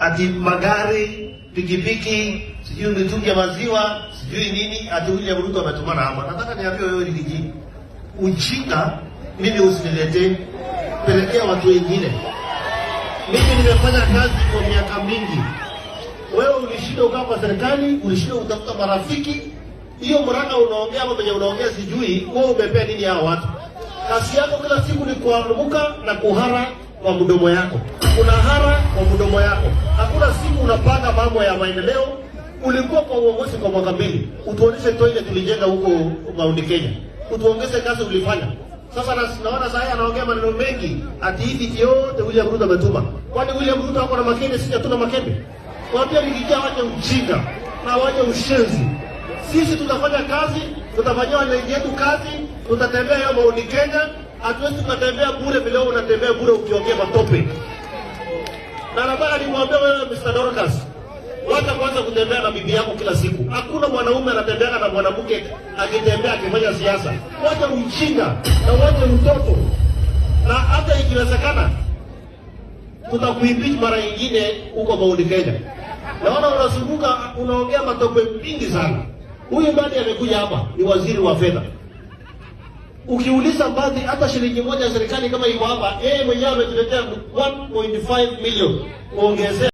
ati magari, pikipiki, sijui mitungi ya maziwa, sijui nini, ati William Ruto ametumana hapa. Nataka niambie wewe ligi ujinga, mimi usinilete pelekea watu wengine. Mimi nimefanya kazi kwa miaka mingi, wewe ulishinda ukaa kwa serikali, ulishinda utafuta marafiki. Hiyo mraka unaongea ama venye unaongea sijui, wewe umepea nini hao watu? Kazi yako kila siku ni kuamuka na kuhara kwa mdomo yako, kuna hara kwa mdomo yako. Hakuna siku unapanga mambo ya maendeleo. Ulikuwa kwa uongozi kwa mwaka mbili, utuonyeshe toilet tulijenga huko Mount Kenya, utuongeze kazi ulifanya. Sasa naona saa hii anaongea maneno mengi ati hivi yote William Ruto ametuma. Kwani William Ruto ako na makende? Sisi hatuna makende. Waambia nikijaa waje ujinga na waje ushenzi. Sisi tutafanya kazi, tutafanya wananchi yetu kazi, tutatembea hiyo Mount Kenya. Hatuwezi tukatembea bure vile unatembea bure na nataka nimwambie wewe Mr. Dorcas, wacha kwanza kutembea na bibi yako kila siku. Hakuna mwanaume anatembea na mwanamke akitembea akifanya siasa. Wacha ujinga na wacha mtoto na hata ikiwezekana tutakuimpeach mara nyingine huko Mount Kenya. Naona unazunguka unaongea matope mingi sana. Huyu ndani amekuja hapa ni waziri wa fedha. Ukiuliza baadhi, hata shilingi moja ya serikali kama iko hapa, yeye mwenyewe ametuletea 1.5 million kuongezea